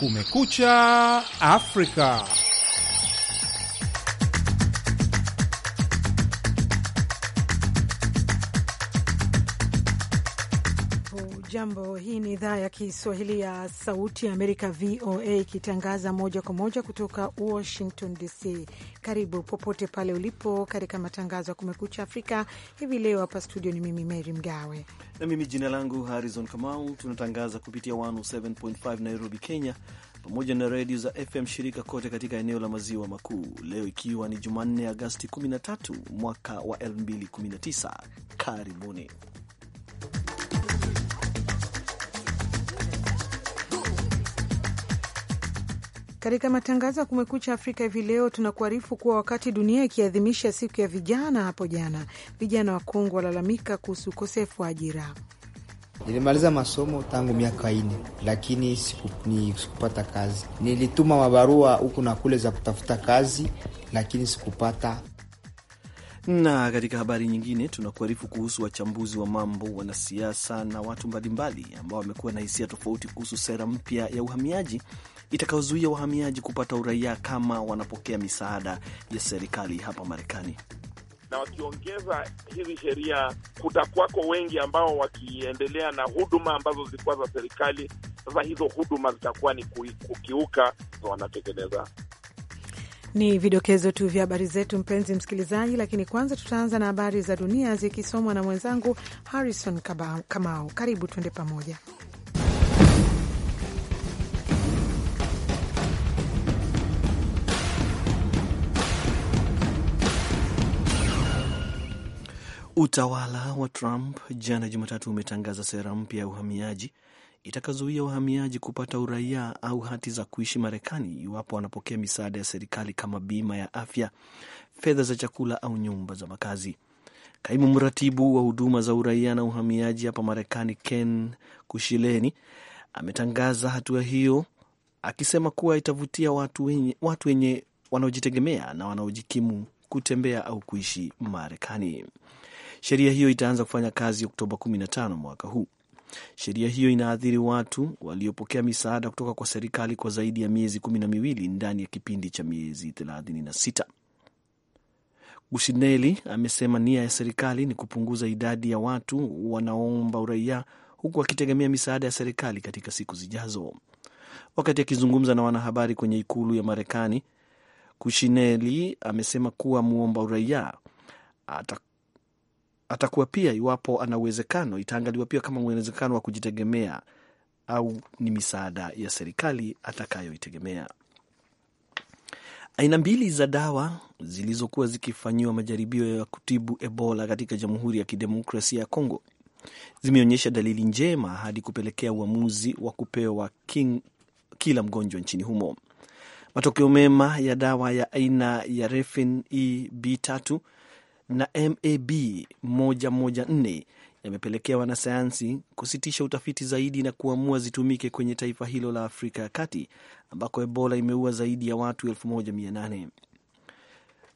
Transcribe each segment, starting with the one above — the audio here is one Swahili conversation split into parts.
Kumekucha Afrika. jambo hii ni idhaa ya Kiswahili ya Sauti ya Amerika, VOA, ikitangaza moja kwa moja kutoka Washington DC. Karibu popote pale ulipo katika matangazo ya Kumekucha Afrika hivi leo. Hapa studio ni mimi Mary Mgawe na mimi jina langu Harrison Kamau. Tunatangaza kupitia 107.5 Nairobi, Kenya, pamoja na redio za FM shirika kote katika eneo la maziwa makuu. Leo ikiwa ni Jumanne, Agasti 13 mwaka wa 2019. Karibuni. Katika matangazo ya Kumekucha Afrika hivi leo tunakuarifu kuwa wakati dunia ikiadhimisha siku ya vijana hapo jana, vijana wa Kongo walalamika kuhusu ukosefu wa ajira. Nilimaliza masomo tangu miaka ine, lakini sikupata kazi. Nilituma mabarua huku na kule za kutafuta kazi, lakini sikupata. Na katika habari nyingine tunakuarifu kuhusu wachambuzi wa mambo, wanasiasa na watu mbalimbali ambao wamekuwa na hisia tofauti kuhusu sera mpya ya uhamiaji itakayozuia wahamiaji kupata uraia kama wanapokea misaada ya serikali hapa Marekani na wakiongeza hizi sheria, kutakuwako wengi ambao wakiendelea na huduma ambazo zilikuwa za serikali. Sasa hizo huduma zitakuwa ni kukiuka, wanatekeleza. Ni vidokezo tu vya habari zetu, mpenzi msikilizaji, lakini kwanza tutaanza na habari za dunia zikisomwa na mwenzangu Harrison Kamau. Karibu, tuende pamoja. Utawala wa Trump jana Jumatatu umetangaza sera mpya ya uhamiaji itakazuia wahamiaji kupata uraia au hati za kuishi Marekani iwapo wanapokea misaada ya serikali kama bima ya afya, fedha za chakula au nyumba za makazi. Kaimu mratibu wa huduma za uraia na uhamiaji hapa Marekani, Ken Kushileni, ametangaza hatua hiyo akisema kuwa itavutia watu wenye, watu wenye wanaojitegemea na wanaojikimu kutembea au kuishi Marekani. Sheria hiyo itaanza kufanya kazi Oktoba 15 mwaka huu. Sheria hiyo inaathiri watu waliopokea misaada kutoka kwa serikali kwa zaidi ya miezi kumi na miwili ndani ya kipindi cha miezi 36. Bushineli amesema nia ya serikali ni kupunguza idadi ya watu wanaoomba uraia huku akitegemea misaada ya serikali katika siku zijazo. Wakati akizungumza na wanahabari kwenye ikulu ya Marekani, Kushineli amesema kuwa muomba uraia atakuwa pia, iwapo ana uwezekano, itaangaliwa pia kama uwezekano wa kujitegemea au ni misaada ya serikali atakayoitegemea. Aina mbili za dawa zilizokuwa zikifanyiwa majaribio ya kutibu Ebola katika Jamhuri ya Kidemokrasia ya Kongo zimeonyesha dalili njema hadi kupelekea uamuzi wa kupewa king kila mgonjwa nchini humo. Matokeo mema ya dawa ya aina ya Refin e B tatu na MAB 114 yamepelekea wanasayansi kusitisha utafiti zaidi na kuamua zitumike kwenye taifa hilo la Afrika ya Kati ambako Ebola imeua zaidi ya watu 1800.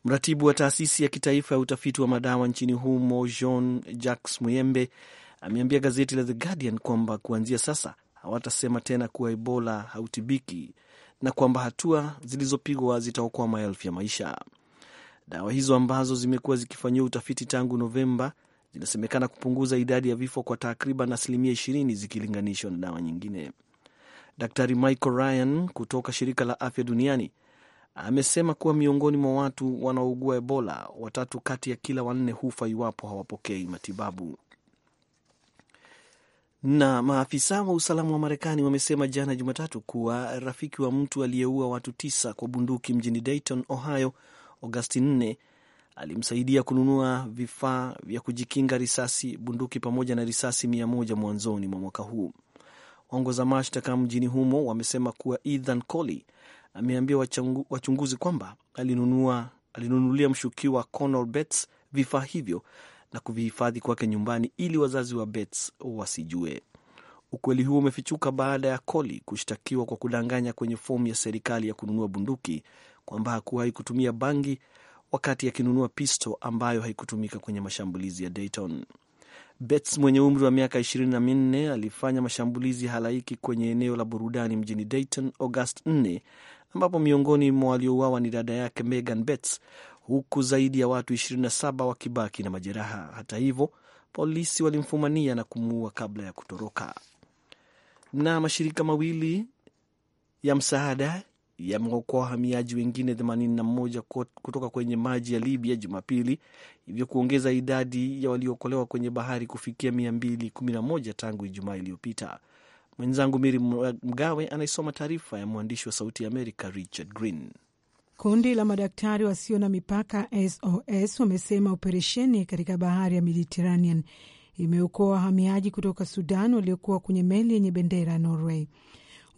Mratibu wa taasisi ya kitaifa ya utafiti wa madawa nchini humo Jean Jacques Muyembe ameambia gazeti la The Guardian kwamba kuanzia sasa hawatasema tena kuwa Ebola hautibiki na kwamba hatua zilizopigwa zitaokoa maelfu ya maisha. Dawa hizo ambazo zimekuwa zikifanyiwa utafiti tangu Novemba zinasemekana kupunguza idadi ya vifo kwa takriban asilimia ishirini zikilinganishwa na dawa nyingine. Daktari Michael Ryan kutoka shirika la afya duniani amesema kuwa miongoni mwa watu wanaougua Ebola, watatu kati ya kila wanne hufa iwapo hawapokei matibabu. Na maafisa wa usalama wa Marekani wamesema jana Jumatatu kuwa rafiki wa mtu aliyeua watu tisa kwa bunduki mjini Dayton, Ohio, Agosti 4 alimsaidia kununua vifaa vya kujikinga risasi, bunduki pamoja na risasi mia moja mwanzoni mwa mwaka huu. Waongoza mashtaka mjini humo wamesema kuwa Ethan coly ameambia wachungu, wachunguzi kwamba alinunua, alinunulia mshukiwa Conal Betts vifaa hivyo na kuvihifadhi kwake nyumbani ili wazazi wa Betts wasijue. Ukweli huo umefichuka baada ya Koli kushtakiwa kwa kudanganya kwenye fomu ya serikali ya kununua bunduki kwamba hakuwahi kutumia bangi wakati akinunua pisto ambayo haikutumika kwenye mashambulizi ya Dayton. Bates mwenye umri wa miaka ishirini na minne alifanya mashambulizi halaiki kwenye eneo la burudani mjini Dayton August 4 ambapo miongoni mwa waliouawa ni dada yake Megan Bates, huku zaidi ya watu 27 wakibaki na majeraha. Hata hivyo, polisi walimfumania na kumuua kabla ya kutoroka na mashirika mawili ya msaada yameokoa wahamiaji wengine 81 kutoka kwenye maji ya Libya Jumapili, hivyo kuongeza idadi ya waliookolewa kwenye bahari kufikia 211 tangu Ijumaa iliyopita. Mwenzangu Miri Mgawe anaisoma taarifa ya mwandishi wa Sauti ya Amerika Richard Green. Kundi la madaktari wasio na mipaka SOS wamesema operesheni katika bahari ya Mediterranean imeokoa wahamiaji kutoka Sudan waliokuwa kwenye meli yenye bendera ya Norway.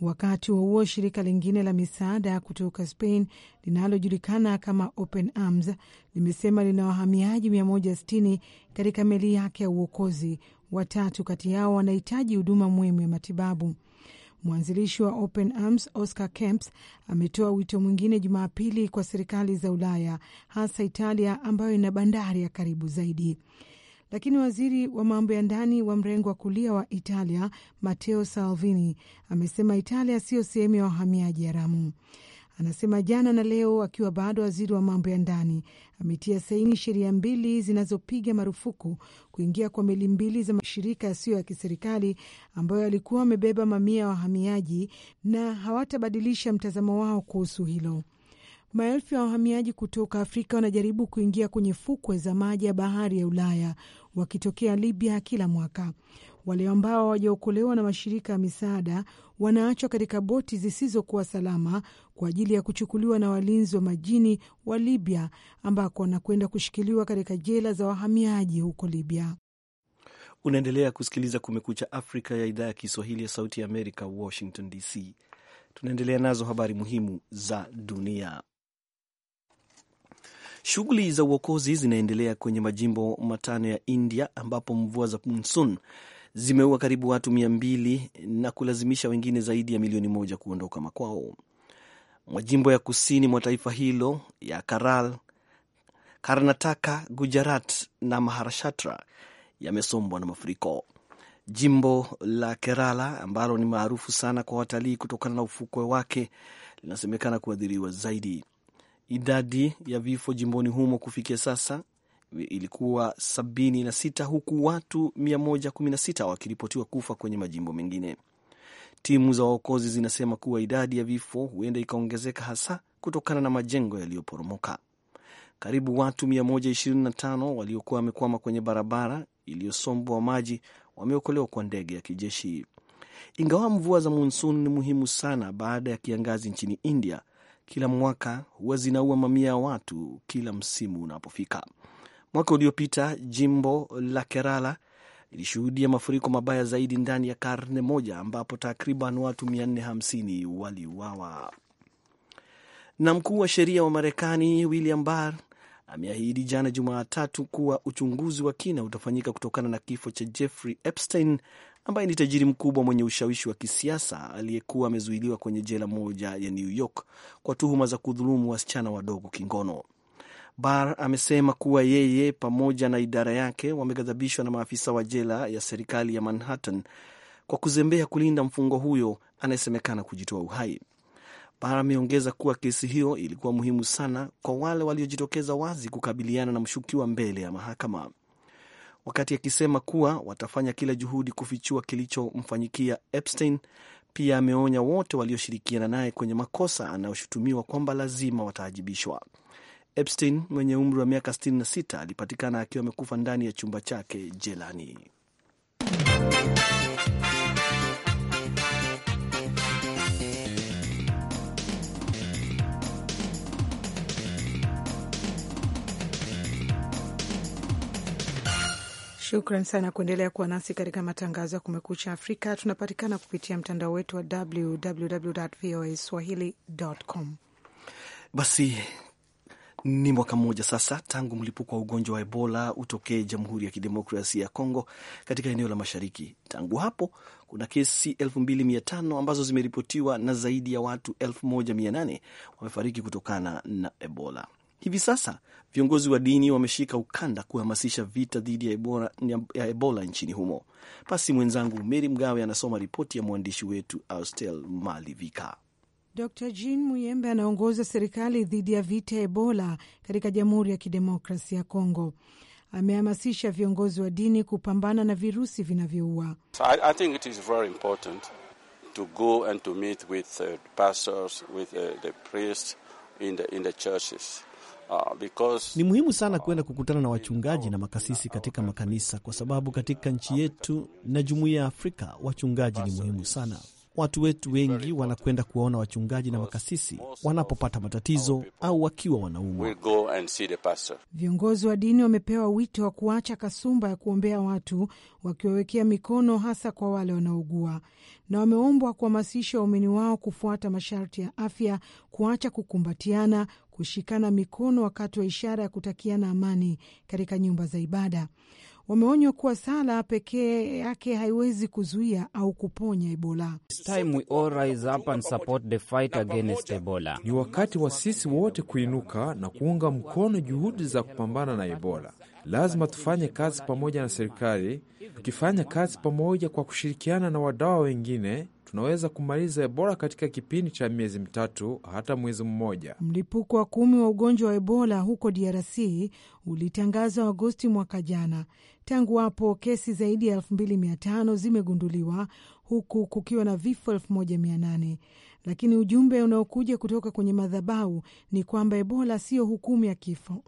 Wakati huo huo, shirika lingine la misaada kutoka Spain linalojulikana kama Open Arms limesema lina wahamiaji 160 katika meli yake ya uokozi. Watatu kati yao wanahitaji huduma muhimu ya matibabu. Mwanzilishi wa Open Arms Oscar Camps ametoa wito mwingine Jumapili kwa serikali za Ulaya, hasa Italia ambayo ina bandari ya karibu zaidi lakini waziri wa mambo ya ndani wa mrengo wa kulia wa Italia Matteo Salvini amesema Italia siyo sehemu ya wahamiaji haramu. Anasema jana na leo, akiwa bado waziri wa mambo ya ndani, ametia saini sheria mbili zinazopiga marufuku kuingia kwa meli mbili za mashirika yasiyo ya kiserikali ambayo yalikuwa wamebeba mamia ya wahamiaji, na hawatabadilisha mtazamo wao kuhusu hilo. Maelfu ya wahamiaji kutoka Afrika wanajaribu kuingia kwenye fukwe za maji ya bahari ya Ulaya wakitokea Libya kila mwaka. Wale ambao hawajaokolewa na mashirika ya misaada wanaachwa katika boti zisizokuwa salama kwa ajili ya kuchukuliwa na walinzi wa majini wa Libya, ambako wanakwenda kushikiliwa katika jela za wahamiaji huko Libya. Unaendelea kusikiliza Kumekucha Afrika ya idhaa ya Kiswahili ya Sauti ya Amerika, Washington DC. Tunaendelea nazo habari muhimu za dunia. Shughuli za uokozi zinaendelea kwenye majimbo matano ya India ambapo mvua za monsun zimeua karibu watu mia mbili na kulazimisha wengine zaidi ya milioni moja kuondoka makwao. Majimbo ya kusini mwa taifa hilo ya Karal, Karnataka, Gujarat na Maharashtra yamesombwa na mafuriko. Jimbo la Kerala ambalo ni maarufu sana kwa watalii kutokana na ufukwe wake linasemekana kuathiriwa zaidi. Idadi ya vifo jimboni humo kufikia sasa ilikuwa 76 huku watu 116 wakiripotiwa kufa kwenye majimbo mengine. Timu za waokozi zinasema kuwa idadi ya vifo huenda ikaongezeka hasa kutokana na majengo yaliyoporomoka. Karibu watu 125 waliokuwa wamekwama kwenye barabara iliyosombwa maji wameokolewa kwa ndege ya kijeshi. Ingawa mvua za monsun ni muhimu sana baada ya kiangazi nchini India, kila mwaka huwa zinaua mamia ya watu kila msimu unapofika. Mwaka uliopita jimbo la Kerala lilishuhudia mafuriko mabaya zaidi ndani ya karne moja ambapo takriban watu 450 waliuawa. Na mkuu wa sheria wa Marekani William Barr ameahidi jana Jumatatu kuwa uchunguzi wa kina utafanyika kutokana na kifo cha Jeffrey Epstein ambaye ni tajiri mkubwa mwenye ushawishi wa kisiasa aliyekuwa amezuiliwa kwenye jela moja ya New York kwa tuhuma za kudhulumu wasichana wadogo kingono. bar amesema kuwa yeye pamoja na idara yake wameghadhabishwa na maafisa wa jela ya serikali ya Manhattan kwa kuzembea kulinda mfungo huyo anayesemekana kujitoa uhai. bar ameongeza kuwa kesi hiyo ilikuwa muhimu sana kwa wale waliojitokeza wazi kukabiliana na mshukiwa mbele ya mahakama wakati akisema kuwa watafanya kila juhudi kufichua kilichomfanyikia Epstein. Pia ameonya wote walioshirikiana naye kwenye makosa anayoshutumiwa kwamba lazima wataajibishwa. Epstein mwenye umri wa miaka 66 alipatikana akiwa amekufa ndani ya chumba chake jelani. Shukran sana kuendelea kuwa nasi katika matangazo ya Kumekucha Afrika. Tunapatikana kupitia mtandao wetu wa www voa swahili.com. Basi ni mwaka mmoja sasa tangu mlipuko wa ugonjwa wa Ebola utokee Jamhuri ya Kidemokrasia ya Kongo katika eneo la mashariki. Tangu hapo kuna kesi 2500 ambazo zimeripotiwa na zaidi ya watu 1800 wamefariki kutokana na Ebola. Hivi sasa viongozi wa dini wameshika ukanda kuhamasisha vita dhidi ya Ebola, ya Ebola nchini humo. Basi mwenzangu Meri Mgawe anasoma ripoti ya mwandishi wetu Austel Malivika. Dr Jean Muyembe anaongoza serikali dhidi ya vita ya Ebola katika Jamhuri ya Kidemokrasia ya Kongo. Amehamasisha viongozi wa dini kupambana na virusi vinavyoua. Uh, ni muhimu sana ah, kwenda kukutana na wachungaji na makasisi katika makanisa, kwa sababu katika nchi yetu na jumuiya ya Afrika wachungaji ni muhimu sana. Watu wetu wengi wanakwenda kuwaona wachungaji na makasisi wanapopata matatizo au wakiwa wanaumwa. Viongozi wa dini wamepewa wito wa kuacha kasumba ya kuombea watu wakiwawekea mikono, hasa kwa wale wanaougua, na wameombwa kuhamasisha waumini wao kufuata masharti ya afya, kuacha kukumbatiana, kushikana mikono wakati wa ishara ya kutakiana amani katika nyumba za ibada wameonywa kuwa sala pekee yake haiwezi kuzuia au kuponya Ebola. Ni wakati wa sisi wote kuinuka na kuunga mkono juhudi za kupambana na Ebola. Lazima tufanye kazi pamoja na serikali. Tukifanya kazi pamoja kwa kushirikiana na wadawa wengine tunaweza kumaliza Ebola katika kipindi cha miezi mitatu hata mwezi mmoja. Mlipuko wa kumi wa ugonjwa wa Ebola huko DRC ulitangazwa Agosti mwaka jana, Tangu hapo kesi zaidi ya 2500 zimegunduliwa huku kukiwa na vifo 1800 lakini ujumbe unaokuja kutoka kwenye madhabahu ni kwamba Ebola siyo hukumu ya kifo.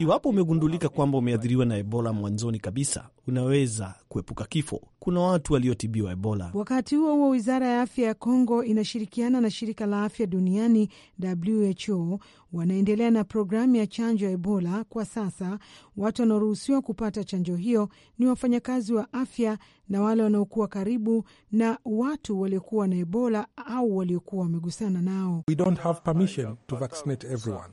Iwapo umegundulika kwamba umeathiriwa na Ebola mwanzoni kabisa, unaweza kuepuka kifo. Kuna watu waliotibiwa Ebola. Wakati huo huo, wizara ya afya ya Kongo inashirikiana na shirika la afya duniani WHO wanaendelea na programu ya chanjo ya Ebola. Kwa sasa watu wanaoruhusiwa kupata chanjo hiyo ni wafanyakazi wa afya na wale wanaokuwa karibu na watu waliokuwa na Ebola au waliokuwa wamegusana nao. We don't have permission to vaccinate everyone.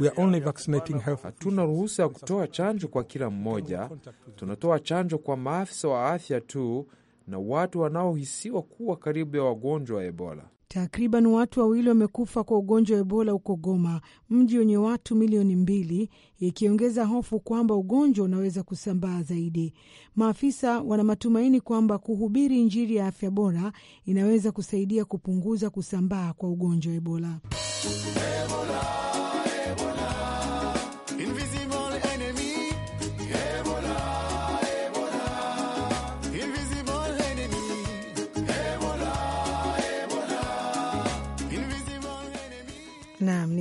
We are only vaccinating health. Hatuna ruhusa ya kutoa chanjo kwa kila mmoja. Tunatoa chanjo kwa maafisa wa afya tu na watu wanaohisiwa kuwa karibu ya wagonjwa wa Ebola. Takriban watu wawili wamekufa kwa ugonjwa wa Ebola huko Goma, mji wenye watu milioni mbili, ikiongeza hofu kwamba ugonjwa unaweza kusambaa zaidi. Maafisa wana matumaini kwamba kuhubiri Injili ya afya bora inaweza kusaidia kupunguza kusambaa kwa ugonjwa wa Ebola.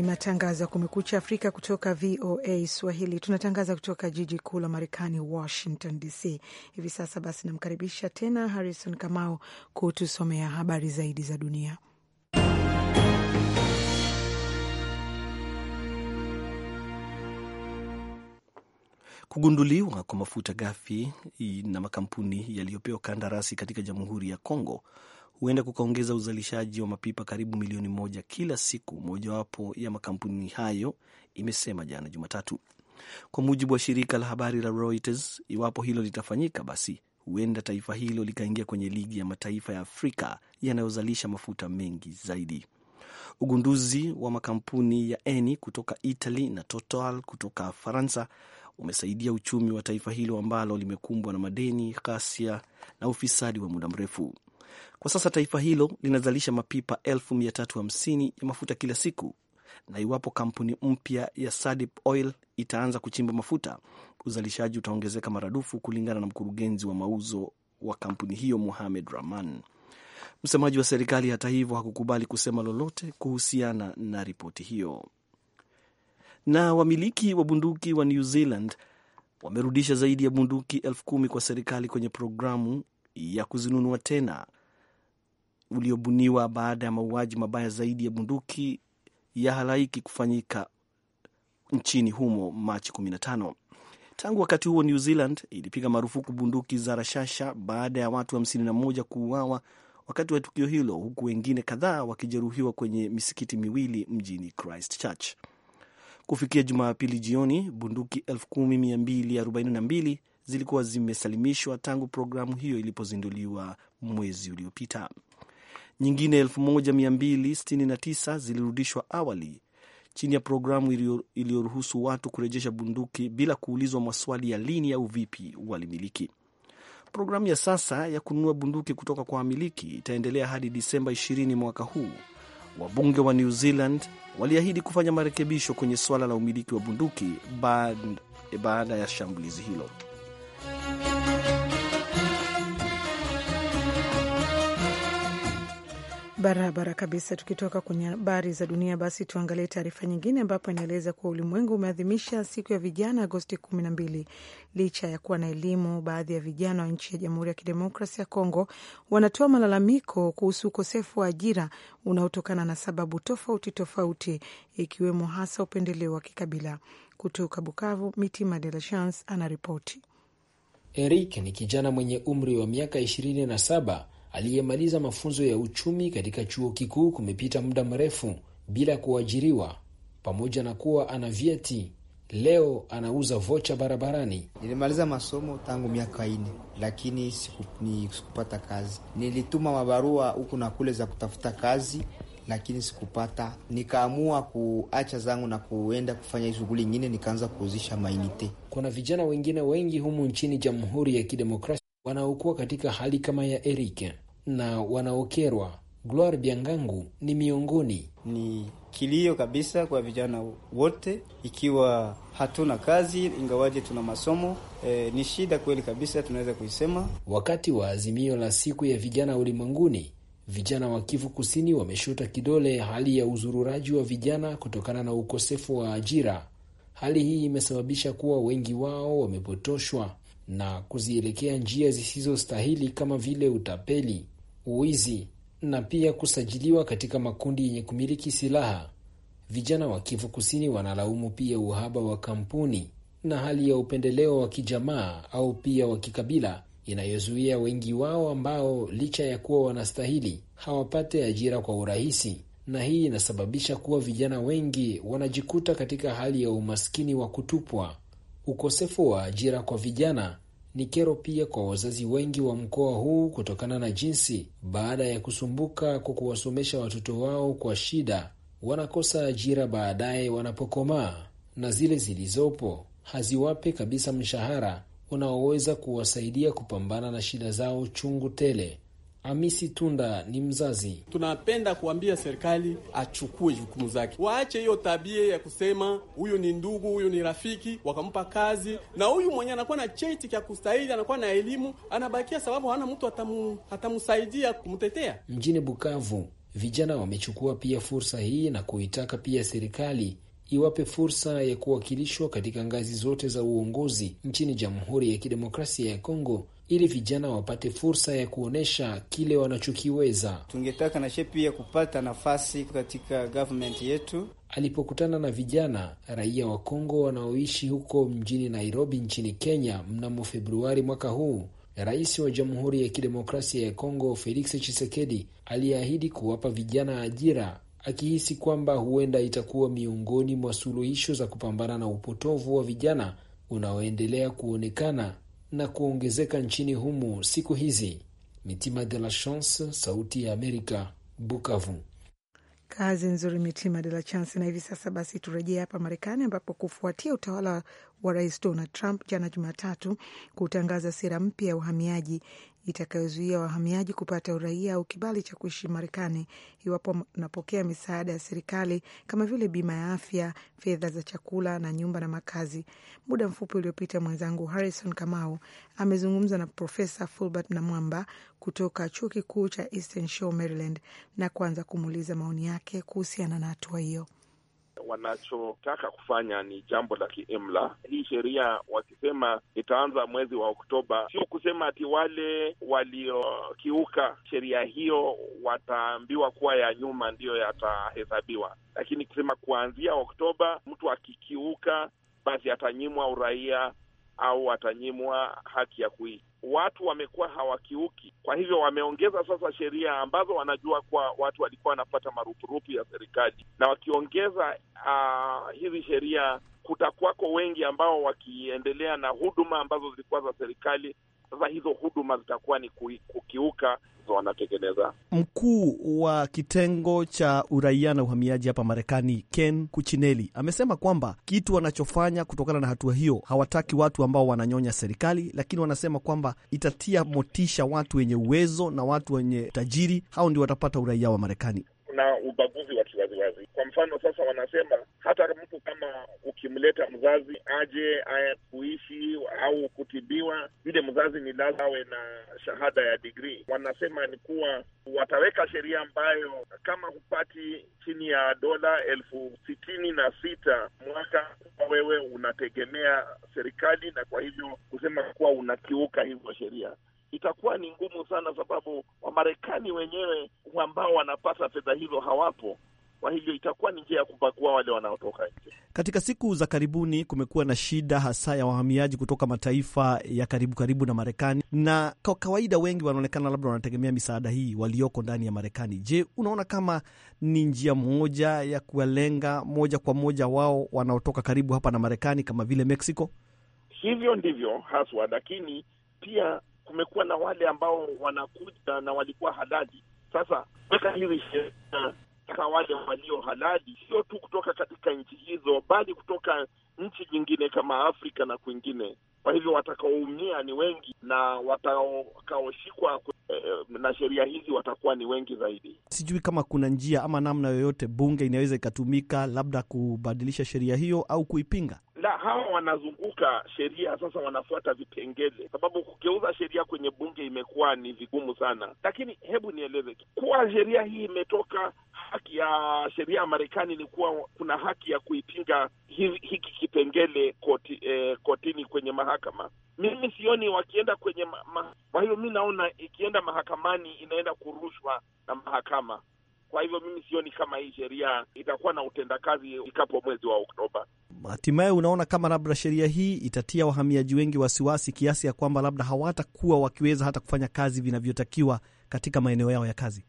ni matangazo ya Kumekucha Afrika kutoka VOA Swahili. Tunatangaza kutoka jiji kuu la Marekani, Washington DC hivi sasa. Basi namkaribisha tena Harrison Kamau kutusomea habari zaidi za dunia. Kugunduliwa kwa mafuta ghafi na makampuni yaliyopewa kandarasi katika Jamhuri ya congo huenda kukaongeza uzalishaji wa mapipa karibu milioni moja kila siku, mojawapo ya makampuni hayo imesema jana Jumatatu, kwa mujibu wa shirika la habari la Reuters. Iwapo hilo litafanyika, basi huenda taifa hilo likaingia kwenye ligi ya mataifa ya Afrika yanayozalisha mafuta mengi zaidi. Ugunduzi wa makampuni ya Eni kutoka Italy na Total kutoka Faransa umesaidia uchumi wa taifa hilo ambalo limekumbwa na madeni, ghasia na ufisadi wa muda mrefu. Kwa sasa taifa hilo linazalisha mapipa 350 ya mafuta kila siku, na iwapo kampuni mpya ya Sadip Oil itaanza kuchimba mafuta, uzalishaji utaongezeka maradufu, kulingana na mkurugenzi wa mauzo wa kampuni hiyo muhamed Rahman. Msemaji wa serikali, hata hivyo, hakukubali kusema lolote kuhusiana na ripoti hiyo. Na wamiliki wa bunduki wa New Zealand wamerudisha zaidi ya bunduki elfu kumi kwa serikali kwenye programu ya kuzinunua tena uliobuniwa baada ya mauaji mabaya zaidi ya bunduki ya halaiki kufanyika nchini humo Machi 15. Tangu wakati huo New Zealand ilipiga marufuku bunduki za rashasha baada ya watu 51 wa kuuawa wakati wa tukio hilo, huku wengine kadhaa wakijeruhiwa kwenye misikiti miwili mjini Christchurch. Kufikia Jumapili jioni, bunduki 10242 zilikuwa zimesalimishwa tangu programu hiyo ilipozinduliwa mwezi uliopita nyingine 1269 zilirudishwa awali chini ya programu iliyoruhusu watu kurejesha bunduki bila kuulizwa maswali ya lini au vipi walimiliki. Programu ya sasa ya kununua bunduki kutoka kwa wamiliki itaendelea hadi Disemba 20 mwaka huu. Wabunge wa New Zealand waliahidi kufanya marekebisho kwenye swala la umiliki wa bunduki baada ya shambulizi hilo. Barabara kabisa. Tukitoka kwenye habari za dunia, basi tuangalie taarifa nyingine, ambapo inaeleza kuwa ulimwengu umeadhimisha siku ya vijana Agosti kumi na mbili. Licha ya kuwa na elimu, baadhi ya vijana wa nchi ya Jamhuri ya Kidemokrasi ya Kongo wanatoa malalamiko kuhusu ukosefu wa ajira unaotokana na sababu tofauti tofauti, ikiwemo hasa upendeleo wa kikabila. Kutoka Bukavu, Mitima De La Chance anaripoti. Eric ni kijana mwenye umri wa miaka 27 aliyemaliza mafunzo ya uchumi katika chuo kikuu kumepita muda mrefu bila kuajiriwa, pamoja na kuwa ana vyeti Leo anauza vocha barabarani. Nilimaliza masomo tangu miaka ine, lakini siku, ni, sikupata kazi. Nilituma mabarua huku na kule za kutafuta kazi, lakini sikupata. Nikaamua kuacha zangu na kuenda kufanya shughuli ingine, nikaanza kuuzisha mainite. Kuna vijana wengine wengi humu nchini Jamhuri ya Kidemokrasia wanaokuwa katika hali kama ya Erike na wanaokerwa. Gloire biangangu ni miongoni. Ni kilio kabisa kwa vijana wote, ikiwa hatuna kazi ingawaje tuna masomo e, ni shida kweli kabisa, tunaweza kuisema. Wakati wa azimio la siku ya vijana ulimwenguni, vijana wa Kivu Kusini wameshuta kidole hali ya uzururaji wa vijana kutokana na ukosefu wa ajira. Hali hii imesababisha kuwa wengi wao wamepotoshwa na kuzielekea njia zisizostahili kama vile utapeli uwizi na pia kusajiliwa katika makundi yenye kumiliki silaha. Vijana wa Kivu Kusini wanalaumu pia uhaba wa kampuni na hali ya upendeleo wa kijamaa au pia wa kikabila inayozuia wengi wao ambao licha ya kuwa wanastahili hawapate ajira kwa urahisi, na hii inasababisha kuwa vijana wengi wanajikuta katika hali ya umaskini wa kutupwa. Ukosefu wa ajira kwa vijana ni kero pia kwa wazazi wengi wa mkoa huu kutokana na jinsi, baada ya kusumbuka kwa kuwasomesha watoto wao kwa shida, wanakosa ajira baadaye wanapokomaa, na zile zilizopo haziwape kabisa mshahara unaoweza kuwasaidia kupambana na shida zao chungu tele. Hamisi Tunda ni mzazi. Tunapenda kuambia serikali achukue jukumu zake, waache hiyo tabia ya kusema huyu ni ndugu, huyu ni rafiki, wakampa kazi, na huyu mwenye anakuwa na cheti cha kustahili, anakuwa na elimu, anabakia sababu hana mtu atamu, atamsaidia kumtetea. Mjini Bukavu, vijana wamechukua pia fursa hii na kuitaka pia serikali iwape fursa ya kuwakilishwa katika ngazi zote za uongozi nchini Jamhuri ya Kidemokrasia ya Kongo ili vijana wapate fursa ya kuonyesha kile wanachokiweza. Tungetaka na pia kupata nafasi katika government yetu. Alipokutana na vijana raia wa Kongo wanaoishi huko mjini Nairobi nchini Kenya mnamo Februari mwaka huu, Rais wa Jamhuri ya Kidemokrasia ya Kongo Felix Tshisekedi aliyeahidi kuwapa vijana ajira akihisi kwamba huenda itakuwa miongoni mwa suluhisho za kupambana na upotovu wa vijana unaoendelea kuonekana na kuongezeka nchini humo siku hizi. Mitima de la Chance, Sauti ya Amerika, Bukavu. Kazi nzuri Mitima de la Chance. Na hivi sasa basi turejee hapa Marekani, ambapo kufuatia utawala wa Rais Donald Trump jana Jumatatu kutangaza sera mpya ya uhamiaji itakayozuia wahamiaji kupata uraia au kibali cha kuishi Marekani iwapo wanapokea misaada ya serikali kama vile bima ya afya, fedha za chakula na nyumba na makazi. Muda mfupi uliopita, mwenzangu Harrison Kamau amezungumza na Profesa Fulbert Namwamba kutoka Chuo Kikuu cha Eastern Shore, Maryland, na kuanza kumuuliza maoni yake kuhusiana na hatua hiyo wanachotaka kufanya ni jambo la kiimla. Hii sheria wakisema itaanza mwezi wa Oktoba, sio kusema ati wale waliokiuka sheria hiyo wataambiwa kuwa ya nyuma ndiyo yatahesabiwa, lakini kusema kuanzia Oktoba mtu akikiuka basi atanyimwa uraia au atanyimwa haki ya kuishi watu wamekuwa hawakiuki. Kwa hivyo wameongeza sasa sheria ambazo wanajua kuwa watu walikuwa wanapata marupurupu ya serikali, na wakiongeza uh, hizi sheria, kutakuwako wengi ambao wakiendelea na huduma ambazo zilikuwa za serikali. Sasa hizo huduma zitakuwa ni kukiuka wanatekeleza. Mkuu wa kitengo cha uraia na uhamiaji hapa Marekani, Ken Kuchineli, amesema kwamba kitu wanachofanya kutokana na hatua hiyo, hawataki watu ambao wananyonya serikali, lakini wanasema kwamba kwamba itatia motisha watu wenye uwezo na watu wenye tajiri, hao ndio watapata uraia wa Marekani na ubaguzi wa kiwaziwazi. Kwa mfano, sasa wanasema hata mtu kama ukimleta mzazi aje aya kuishi au kutibiwa, yule mzazi ni lazima awe na shahada ya digrii. Wanasema ni kuwa wataweka sheria ambayo kama hupati chini ya dola elfu sitini na sita mwaka, wewe unategemea serikali, na kwa hivyo kusema kuwa unakiuka hizo sheria itakuwa ni ngumu sana, sababu Wamarekani wenyewe ambao wanapata fedha hizo hawapo. Kwa hivyo itakuwa ni njia ya kubagua wale wanaotoka nje. Katika siku za karibuni kumekuwa na shida hasa ya wahamiaji kutoka mataifa ya karibu karibu na Marekani, na kwa kawaida wengi wanaonekana labda wanategemea misaada hii walioko ndani ya Marekani. Je, unaona kama ni njia moja ya kuwalenga moja kwa moja wao wanaotoka karibu hapa na Marekani kama vile Mexico? Hivyo ndivyo haswa, lakini pia kumekuwa na wale ambao wanakuja na walikuwa halali. Sasa weka hizi sheria ka wale walio halali, sio tu kutoka katika nchi hizo, bali kutoka nchi nyingine kama Afrika na kwingine. Kwa hivyo watakaoumia ni wengi na watakaoshikwa eh, na sheria hizi watakuwa ni wengi zaidi. Sijui kama kuna njia ama namna yoyote bunge inaweza ikatumika labda kubadilisha sheria hiyo au kuipinga la hawa wanazunguka sheria sasa, wanafuata vipengele, sababu kugeuza sheria kwenye bunge imekuwa ni vigumu sana. Lakini hebu nieleze kuwa sheria hii imetoka, haki ya sheria ya Marekani ni kuwa kuna haki ya kuipinga hiki kipengele koti, eh, kotini kwenye mahakama. Mimi sioni wakienda kwenye ma, ma, kwa hiyo mi naona ikienda mahakamani inaenda kurushwa na mahakama. Kwa hivyo mimi sioni kama hii sheria itakuwa na utendakazi ikapo mwezi wa Oktoba. Hatimaye unaona kama labda sheria hii itatia wahamiaji wengi wasiwasi kiasi ya kwamba labda hawatakuwa wakiweza hata kufanya kazi vinavyotakiwa katika maeneo yao ya kazi.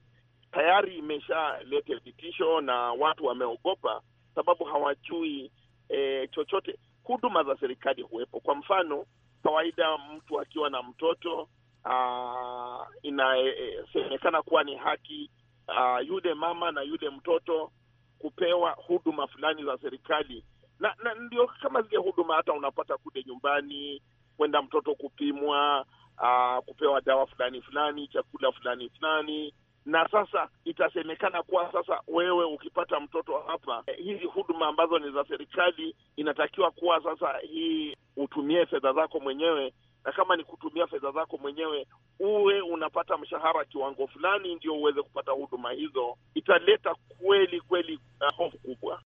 Tayari imeshaleta vitisho na watu wameogopa, sababu hawajui e, chochote. Huduma za serikali huwepo. Kwa mfano, kawaida mtu akiwa na mtoto ah, inasemekana eh, eh, e, kuwa ni haki uh, yule mama na yule mtoto kupewa huduma fulani za serikali, na, na ndio kama zile huduma hata unapata kule nyumbani, kwenda mtoto kupimwa, uh, kupewa dawa fulani fulani, chakula fulani fulani na sasa itasemekana kuwa sasa wewe ukipata mtoto hapa, eh, hizi huduma ambazo ni za serikali, inatakiwa kuwa sasa hii utumie fedha zako mwenyewe na kama ni kutumia fedha zako mwenyewe, uwe unapata mshahara kiwango fulani, ndio uweze kupata huduma hizo, italeta kweli kweli uh, hofu uh, kubwa.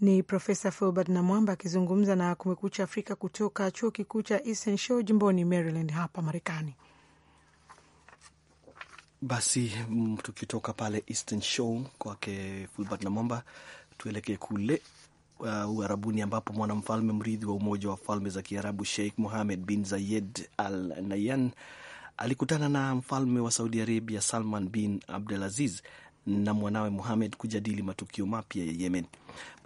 Ni Profesa Filbert Namwamba akizungumza na Kumekucha Afrika kutoka chuo kikuu cha Eastern Shore jimboni Maryland hapa Marekani. Basi mm, tukitoka pale Eastern Shore kwake Filbert Namwamba, tuelekee kule uh, Uarabuni ambapo mwanamfalme mrithi wa Umoja wa Falme za Kiarabu Sheikh Mohammed bin Zayed Al nayan alikutana na mfalme wa Saudi Arabia Salman bin Abdulaziz na mwanawe muhamed kujadili matukio mapya ya Yemen.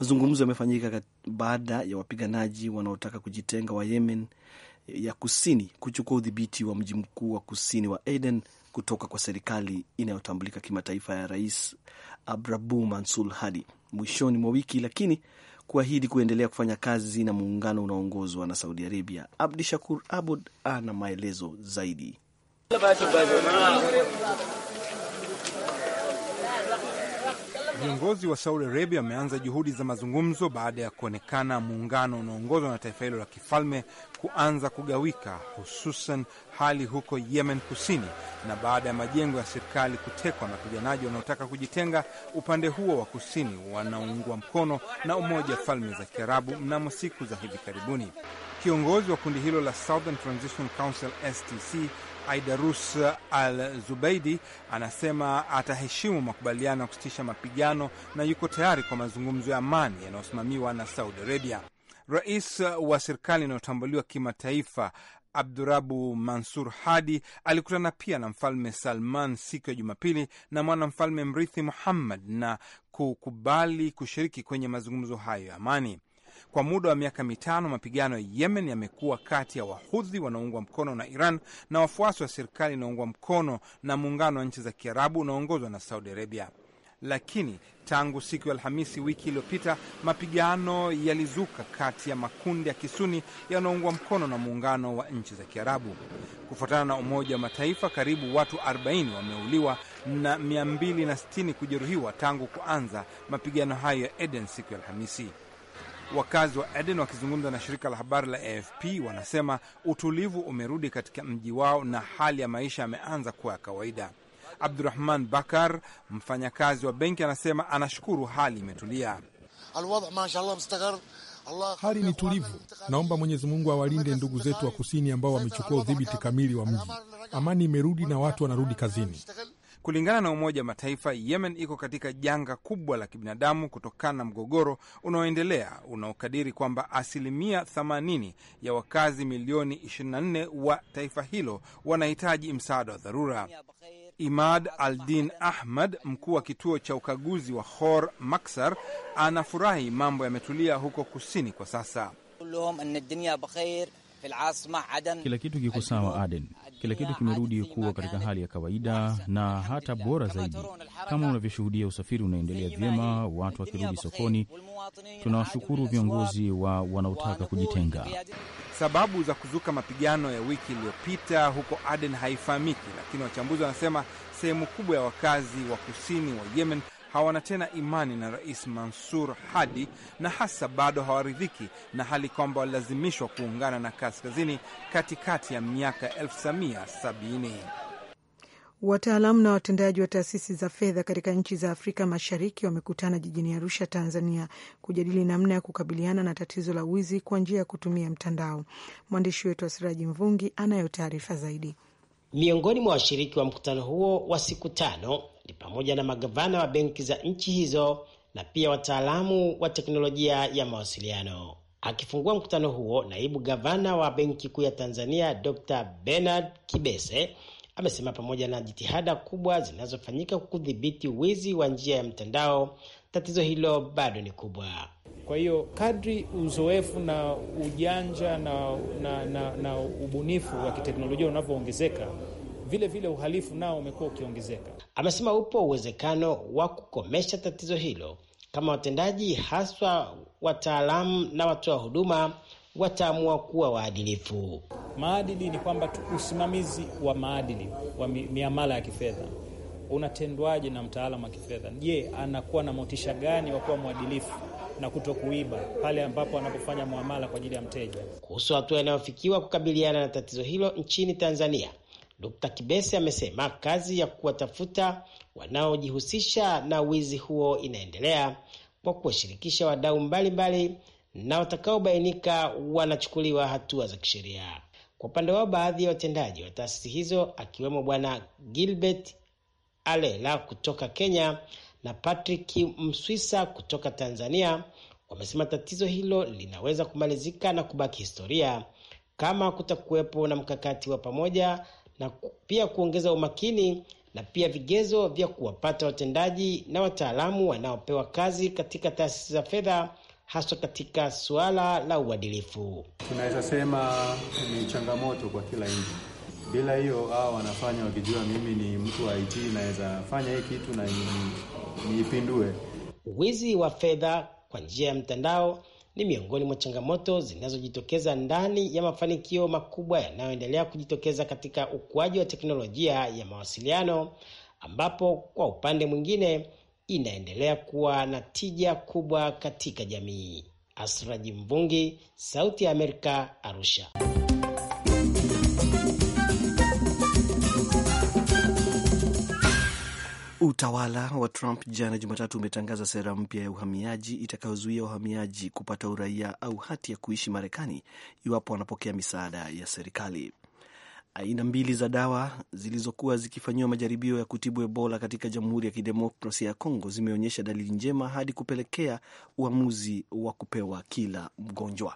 Mazungumzo yamefanyika baada ya wapiganaji wanaotaka kujitenga wa Yemen ya kusini kuchukua udhibiti wa mji mkuu wa kusini wa Aden kutoka kwa serikali inayotambulika kimataifa ya Rais Abrabu Mansur Hadi mwishoni mwa wiki, lakini kuahidi kuendelea kufanya kazi na muungano unaoongozwa na Saudi Arabia. Abdi Shakur Abud ana maelezo zaidi. Viongozi wa Saudi Arabia wameanza juhudi za mazungumzo baada ya kuonekana muungano unaoongozwa na taifa hilo la kifalme kuanza kugawika, hususan hali huko Yemen kusini na baada ya majengo ya serikali kutekwa na wapiganaji wanaotaka kujitenga upande huo wa kusini wanaoungwa mkono na Umoja wa Falme za Kiarabu mnamo siku za hivi karibuni. Kiongozi wa kundi hilo la Southern Transition Council STC Aidarus Al Zubeidi anasema ataheshimu makubaliano ya kusitisha mapigano na yuko tayari kwa mazungumzo ya amani yanayosimamiwa na Saudi Arabia. Rais wa serikali inayotambuliwa kimataifa Abdurabu Mansur Hadi alikutana pia na Mfalme Salman siku ya Jumapili na mwanamfalme mrithi Muhammad na kukubali kushiriki kwenye mazungumzo hayo ya amani. Kwa muda wa miaka mitano, mapigano ya Yemen yamekuwa kati ya Wahudhi wanaoungwa mkono na Iran na wafuasi wa serikali inaoungwa mkono na muungano wa nchi za Kiarabu unaoongozwa na Saudi Arabia. Lakini tangu siku ya Alhamisi wiki iliyopita mapigano yalizuka kati ya makundi ya kisuni yanaoungwa mkono na muungano wa nchi za Kiarabu. Kufuatana na Umoja wa Mataifa, karibu watu 40 wameuliwa na 260 kujeruhiwa tangu kuanza mapigano hayo ya Eden siku ya Alhamisi. Wakazi wa Eden wakizungumza na shirika la habari la AFP wanasema utulivu umerudi katika mji wao na hali ya maisha yameanza kuwa ya kawaida. Abdurahman Bakar, mfanyakazi wa benki, anasema anashukuru hali imetulia. Hali ni tulivu. Naomba Mwenyezi Mungu awalinde ndugu zetu wa kusini ambao wamechukua udhibiti kamili wa mji. Amani imerudi na watu wanarudi kazini. Kulingana na Umoja wa Mataifa, Yemen iko katika janga kubwa la kibinadamu kutokana na mgogoro unaoendelea unaokadiri kwamba asilimia 80 ya wakazi milioni 24 wa taifa hilo wanahitaji msaada wa dharura. Imad Aldin Ahmad, mkuu wa kituo cha ukaguzi wa hor Maksar, anafurahi mambo yametulia huko kusini kwa sasa. Kila kitu kiko sawa Aden, kila kitu kimerudi kuwa katika hali ya kawaida na hata bora zaidi. Kama unavyoshuhudia, usafiri unaendelea vyema, watu wakirudi sokoni. Tunawashukuru viongozi wa wanaotaka kujitenga. Sababu za kuzuka mapigano ya wiki iliyopita huko Aden haifahamiki, lakini wachambuzi wanasema sehemu kubwa ya wakazi wa kusini wa Yemen hawana tena imani na Rais Mansur Hadi na hasa bado hawaridhiki na hali kwamba walilazimishwa kuungana na kaskazini katikati ya miaka 1970. Wataalamu na watendaji wa taasisi za fedha katika nchi za Afrika Mashariki wamekutana jijini Arusha, Tanzania, kujadili namna ya kukabiliana na tatizo la wizi kwa njia ya kutumia mtandao. Mwandishi wetu wa Siraji Mvungi anayo taarifa zaidi. Miongoni mwa washiriki wa mkutano huo wa siku tano ni pamoja na magavana wa benki za nchi hizo na pia wataalamu wa teknolojia ya mawasiliano. Akifungua mkutano huo, naibu gavana wa Benki Kuu ya Tanzania Dr. Bernard Kibese amesema pamoja na jitihada kubwa zinazofanyika kudhibiti wizi wa njia ya mtandao, tatizo hilo bado ni kubwa. Kwa hiyo kadri uzoefu na ujanja na, na, na, na ubunifu wa kiteknolojia unavyoongezeka vile vile uhalifu nao umekuwa ukiongezeka. Amesema upo uwezekano wa kukomesha tatizo hilo kama watendaji, haswa wataalamu na watoa huduma, wataamua kuwa waadilifu. Maadili ni kwamba usimamizi wa maadili wa miamala ya kifedha unatendwaje na mtaalamu wa kifedha? Je, anakuwa na motisha gani wa kuwa mwadilifu? na kutokuiba pale ambapo anapofanya muamala kwa ajili ya mteja. Kuhusu hatua inayofikiwa kukabiliana na tatizo hilo nchini Tanzania, Dr. Kibese amesema kazi ya kuwatafuta wanaojihusisha na wizi huo inaendelea kwa kuwashirikisha wadau mbalimbali na watakaobainika wanachukuliwa hatua za kisheria. Kwa upande wao, baadhi ya watendaji wa taasisi hizo akiwemo Bwana Gilbert Alela kutoka Kenya na Patrick Mswisa kutoka Tanzania wamesema tatizo hilo linaweza kumalizika na kubaki historia kama kutakuwepo na mkakati wa pamoja na pia kuongeza umakini na pia vigezo vya kuwapata watendaji na wataalamu wanaopewa kazi katika taasisi za fedha haswa katika suala la uadilifu. Tunaweza sema ni changamoto kwa kila nchi. Bila hiyo hao wanafanya wakijua, mimi ni mtu wa IT, naweza fanya hii kitu na niipindue. Wizi wa fedha kwa njia ya mtandao ni miongoni mwa changamoto zinazojitokeza ndani ya mafanikio makubwa yanayoendelea kujitokeza katika ukuaji wa teknolojia ya mawasiliano, ambapo kwa upande mwingine inaendelea kuwa na tija kubwa katika jamii. Asraji Mvungi, Sauti ya Amerika, Arusha. Utawala wa Trump jana Jumatatu umetangaza sera mpya ya uhamiaji itakayozuia wahamiaji kupata uraia au hati ya kuishi Marekani iwapo wanapokea misaada ya serikali. Aina mbili za dawa zilizokuwa zikifanyiwa majaribio ya kutibu Ebola katika Jamhuri ya Kidemokrasia ya Kongo zimeonyesha dalili njema hadi kupelekea uamuzi wa kupewa kila mgonjwa.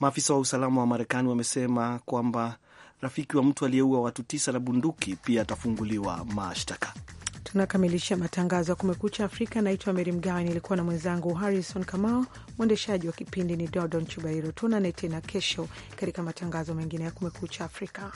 Maafisa wa usalama wa Marekani wamesema kwamba rafiki wa mtu aliyeua watu tisa na bunduki pia atafunguliwa mashtaka tunakamilisha matangazo ya Kumekucha Afrika. Naitwa Meri Mgawe, nilikuwa na mwenzangu Harrison Kamao, mwendeshaji wa kipindi ni Dodon Chubairo. Tuonane tena kesho katika matangazo mengine ya Kumekucha Afrika.